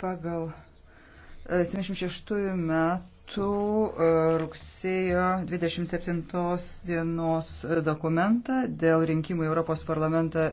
pagal 76 e, metų e, rugsėjo 27 dienos e, dokumentą dėl rinkimų į Europos parlamentą